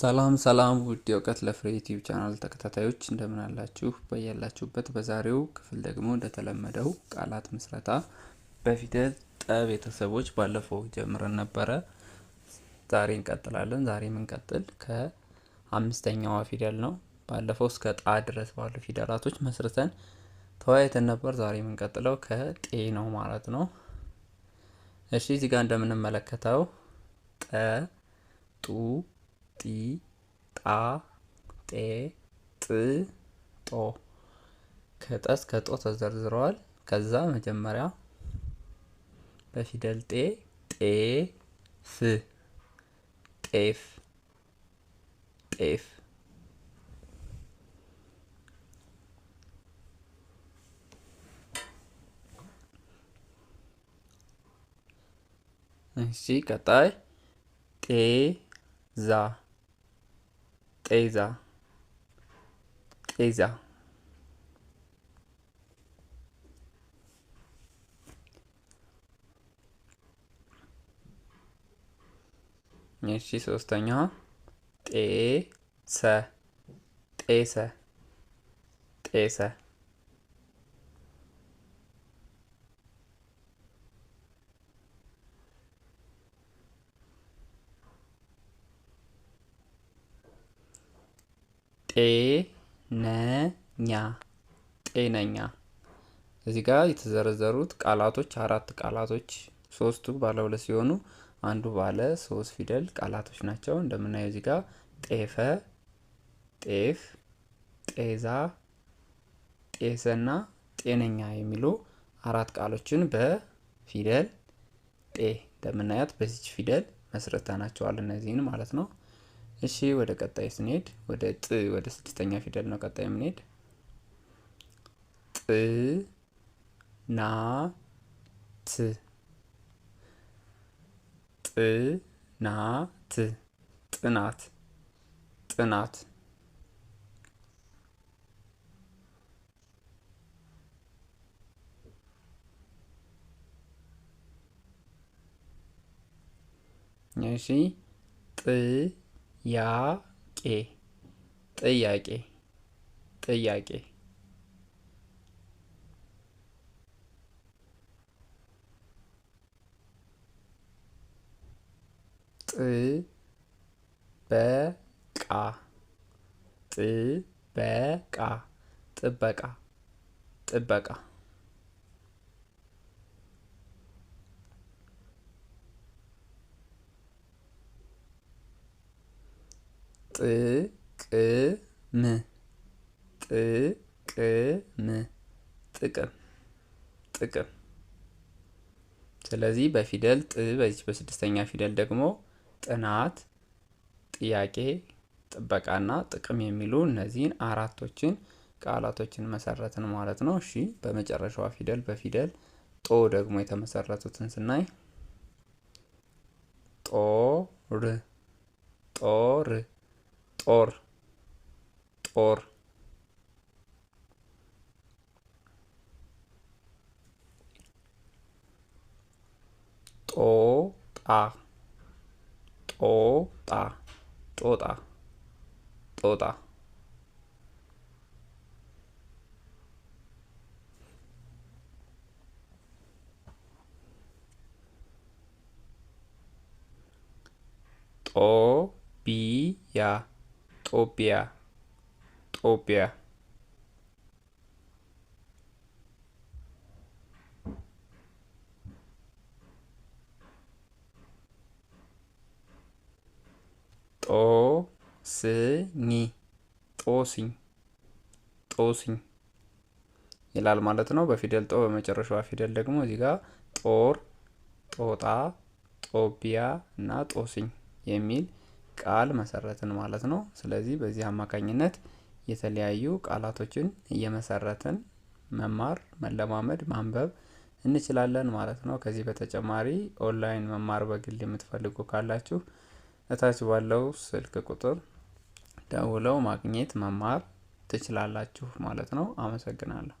ሰላም ሰላም ውድ የእውቀት ለፍሬ ዩቲዩብ ቻናል ተከታታዮች እንደምን አላችሁ? በያላችሁበት። በዛሬው ክፍል ደግሞ እንደተለመደው ቃላት ምስረታ በፊደል ጠ ቤተሰቦች ባለፈው ጀምረን ነበረ። ዛሬ እንቀጥላለን። ዛሬ የምንቀጥል ከአምስተኛዋ ፊደል ነው። ባለፈው እስከ ጣ ድረስ ባሉ ፊደላቶች መስርተን ተወያይተን ነበር። ዛሬ የምንቀጥለው ከጤ ነው ማለት ነው። እሺ እዚህ ጋር እንደምንመለከተው ጠ ጡ ጢ ጣ ጤ ጥ ጦ ከጠ እስከ ጦ ተዘርዝረዋል። ከዛ መጀመሪያ በፊደል ጤ ጤ ፍ ጤፍ ጤፍ እሺ ቀጣይ ጤዛ ጤዛ ጤዛ እሺ ሶስተኛዋ ጤሰ ጤሰ ጤሰ ጤነኛ ጤነኛ እዚህ ጋር የተዘረዘሩት ቃላቶች አራት ቃላቶች ሶስቱ ባለ ሁለት ሲሆኑ አንዱ ባለ ሶስት ፊደል ቃላቶች ናቸው። እንደምናየው እዚህ ጋር ጤፈ፣ ጤፍ፣ ጤዛ፣ ጤሰና ጤነኛ የሚሉ አራት ቃሎችን በፊደል ጤ እንደምናያት በዚች ፊደል መስረታ ናቸዋል እነዚህን ማለት ነው። እሺ ወደ ቀጣይ ስንሄድ ወደ ጥ ወደ ስድስተኛ ፊደል ነው ቀጣይ የምንሄድ። ጥ ና ት ጥ ና ት ጥናት ጥናት እሺ ጥ ያቄ ጥያቄ ጥያቄ ጥበቃ ጥበቃ ጥበቃ ጥበቃ ጥቅም ጥቅም ጥቅም ጥቅም። ስለዚህ በፊደል ጥ በዚህ በስድስተኛ ፊደል ደግሞ ጥናት፣ ጥያቄ፣ ጥበቃና ጥቅም የሚሉ እነዚህን አራቶችን ቃላቶችን መሰረትን ማለት ነው። እሺ በመጨረሻዋ ፊደል በፊደል ጦ ደግሞ የተመሰረቱትን ስናይ ጦር ጦር और और तोता तोता तोता तोता तोपिया ጦቢያ ጦቢያ ጦስኝ ጦስኝ ጦስኝ ይላል ማለት ነው። በፊደል ጦ በመጨረሻዋ ፊደል ደግሞ እዚህ ጋር ጦር፣ ጦጣ፣ ጦቢያ እና ጦስኝ የሚል ቃል መሰረትን ማለት ነው። ስለዚህ በዚህ አማካኝነት የተለያዩ ቃላቶችን እየመሰረትን መማር፣ መለማመድ፣ ማንበብ እንችላለን ማለት ነው። ከዚህ በተጨማሪ ኦንላይን መማር በግል የምትፈልጉ ካላችሁ እታች ባለው ስልክ ቁጥር ደውለው ማግኘት መማር ትችላላችሁ ማለት ነው። አመሰግናለሁ።